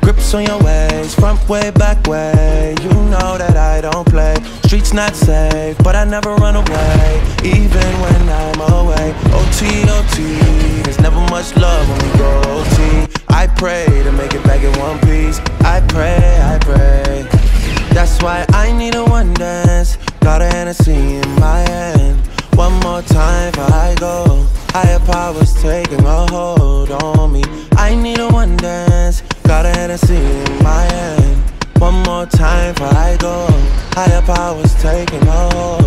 Grips on your ways, front way, back way. You know that I don't play. Streets not safe, but I never run away. Even when I'm away. OT, OT, there's never much love when we go OT. I pray to make it back in one piece. I pray, I pray. That's why I need a one dance. Got a Hennessy in my hand. One more time before I go. Higher powers taking a hold on me. I need a one dance, got a Hennessy in my hand. One more time before I go. Higher powers taking a hold.